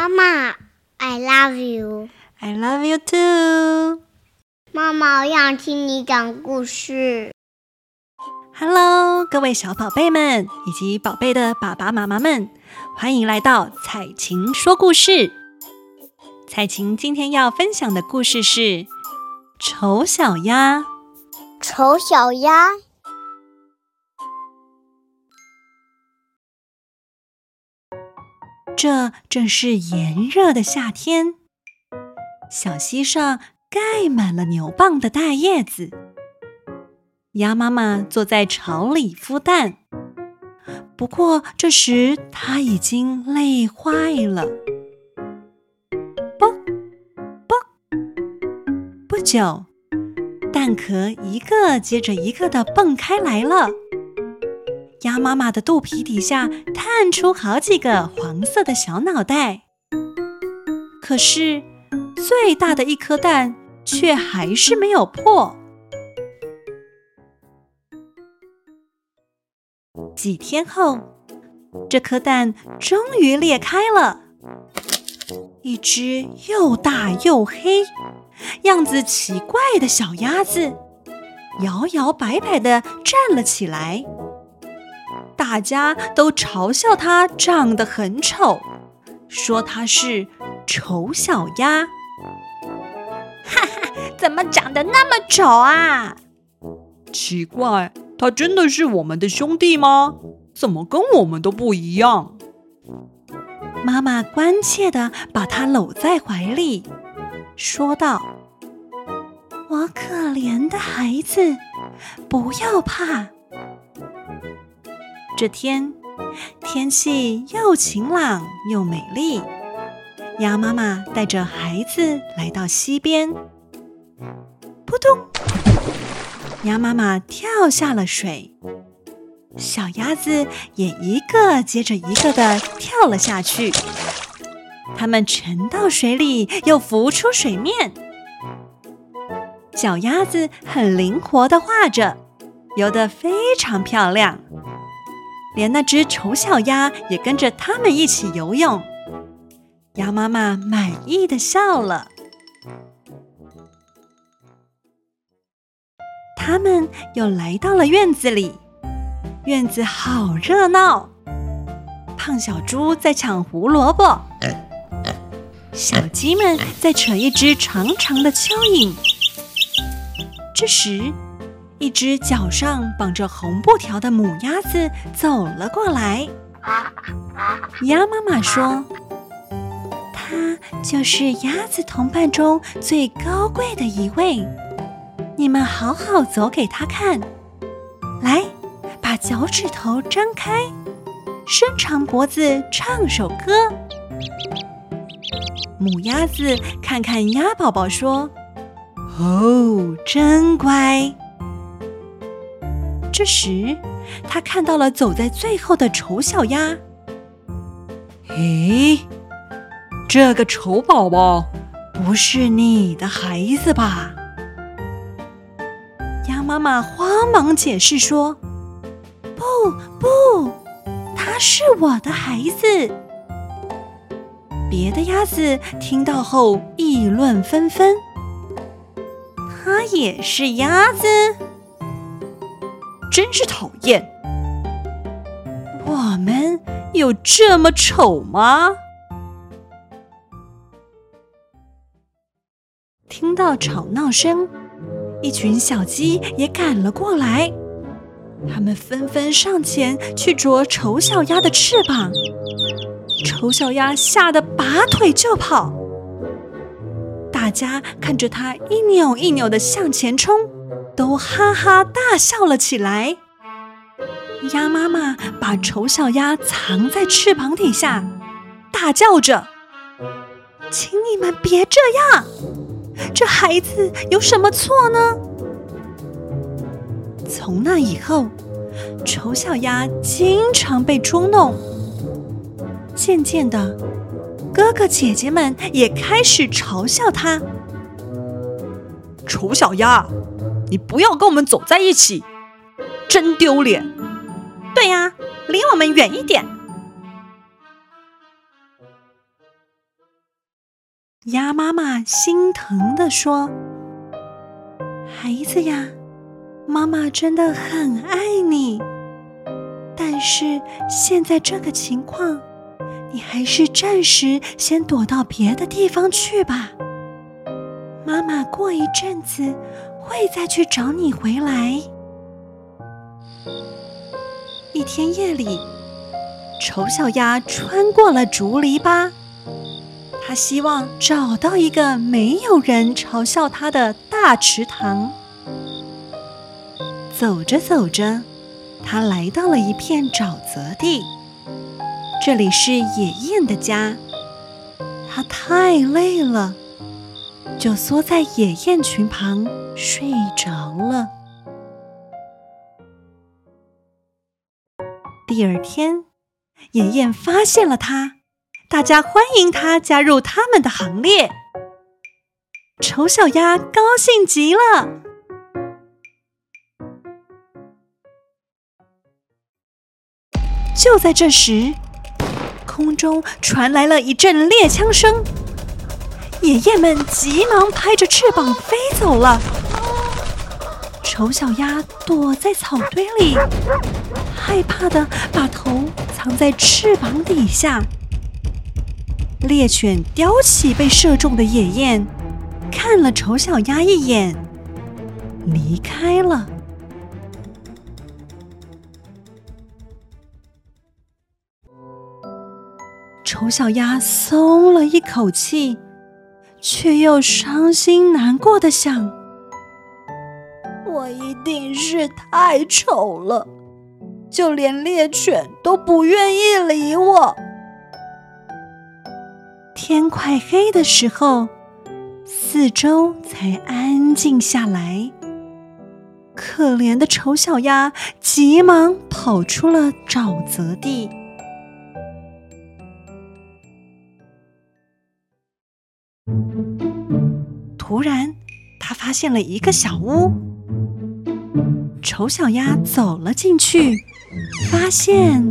媽媽，I love you. I love you too. 媽媽，我想聽你講故事。Hello，各位小寶貝們以及寶貝的爸爸媽媽們，歡迎來到采晴說故事。采晴今天要分享的故事是醜小鴨《醜小鴨》。醜小鴨。這正是炎熱的夏天，小溪上蓋滿了牛蒡的大葉子。鴨媽媽坐在巢裡孵蛋，不過這時她已經累壞了。啵啵，不久，蛋殼一個接着一個地蹦開來了。鴨媽媽的肚皮底下探出好幾個黃色的小腦袋，可是最大的一顆蛋卻還是沒有破。幾天後，這顆蛋終於裂開了，一只又大又黑、樣子奇怪的小鴨子搖搖擺擺地站了起來。大家都嘲笑他長得很醜，說他是醜小鴨。哈哈，怎麼長得那麼醜啊？奇怪，他真的是我們的兄弟嗎？怎麼跟我們都不一樣？媽媽關切地把他摟在懷裡，說道：“我可憐的孩子，不要怕。”這天天氣又晴朗又美麗，鴨媽媽帶着孩子來到溪邊。撲通！鴨媽媽跳下了水，小鴨子也一個接着一個的跳了下去。它們沉到水裡，又浮出水面。小鴨子很靈活的划着，游得非常漂亮。連那隻醜小鴨也跟着他們一起游泳，鴨媽媽滿意的笑了。他們又來到了院子裡，院子好熱鬧，胖小豬在搶胡蘿蔔，小雞們在扯一隻長長的蚯蚓。這時，一隻腳上綁着紅布條的母鴨子走了過來。鴨媽媽說：“它就是鴨子同伴中最高貴的一位，你們好好走給它看。來，把腳趾頭張開，伸長脖子唱首歌。”母鴨子看看鴨寶寶說：“哦，真乖。”這時，他看到了走在最後的醜小鴨。咦，這個醜寶寶不是你的孩子吧？鴨媽媽慌忙解釋說：“不不，他是我的孩子。”別的鴨子聽到後議論紛紛：“它也是鴨子。”真是討厭！我們有這麼醜嗎？聽到吵鬧聲，一群小雞也趕了過來，它們紛紛上前去啄醜小鴨的翅膀，醜小鴨嚇得拔腿就跑。大家看着它一扭一扭地向前衝。都哈哈大笑了起來。鴨媽媽把醜小鴨藏在翅膀底下，大叫着：“請你們別這樣！這孩子有什麼錯呢？”從那以後，醜小鴨經常被捉弄。漸漸的，哥哥姐姐們也開始嘲笑他：醜小鴨。你不要跟我們走在一起，真丟臉！對呀，離我們遠一點。鴨媽媽心疼的說：“孩子呀，媽媽真的很愛你，但是現在這個情況，你還是暫時先躲到別的地方去吧。媽媽過一陣子，”會再去找你回來。一天夜裡，醜小鴨穿過了竹籬笆，他希望找到一個沒有人嘲笑他的大池塘。走着走着，他來到了一片沼澤地，這裡是野雁的家。他太累了。就縮在野雁群旁睡着了。第二天，野雁發現了它，大家歡迎它加入他們的行列。醜小鴨高興極了。就在這時，空中傳來了一陣獵槍聲。野雁們急忙拍着翅膀飛走了，醜小鴨躲在草堆裡，害怕的把頭藏在翅膀底下。獵犬叼起被射中的野雁，看了醜小鴨一眼，離開了。醜小鴨鬆了一口氣，卻又傷心難過地想：“我一定是太醜了，就連獵犬都不願意理我。”天快黑的時候，四周才安靜下來。可憐的醜小鴨急忙跑出了沼澤地。突然，他發現了一個小屋。醜小鴨走了進去，發現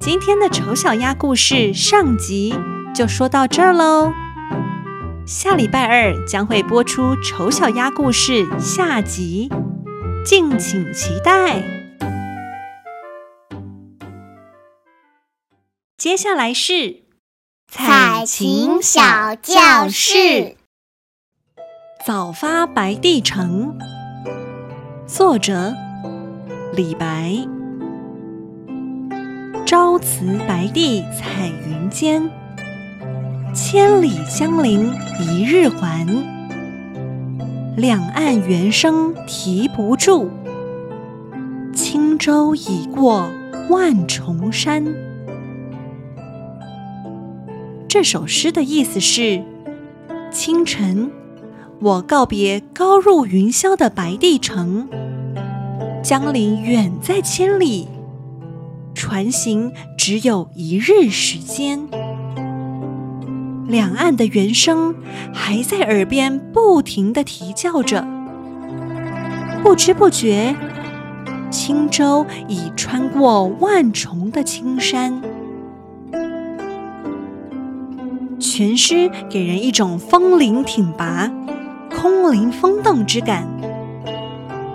今天的醜小鴨故事上集就說到這兒嘍。下禮拜二將會播出醜小鴨故事下集，敬請期待。接下來是采晴小教室，《早發白帝城》作者李白。朝辭白帝彩雲間，千里江陵一日還。兩岸猿聲啼不住，輕舟已過萬重山。這首詩的意思是：清晨，我告別高入雲霄的白帝城，江陵遠在千里，船行只有一日時間。兩岸的猿聲還在耳邊不停的啼叫着，不知不覺，輕舟已穿過萬重的青山。全詩給人一種風靈挺拔、空靈風動之感。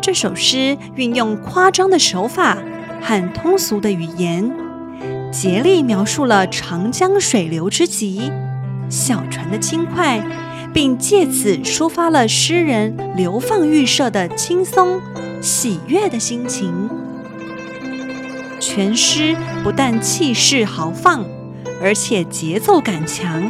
這首詩運用誇張的手法和通俗的語言，竭力描述了長江水流之急、小船的輕快，並借此抒發了詩人流放遇赦的輕鬆喜悅的心情。全詩不但氣勢豪放，而且節奏感強。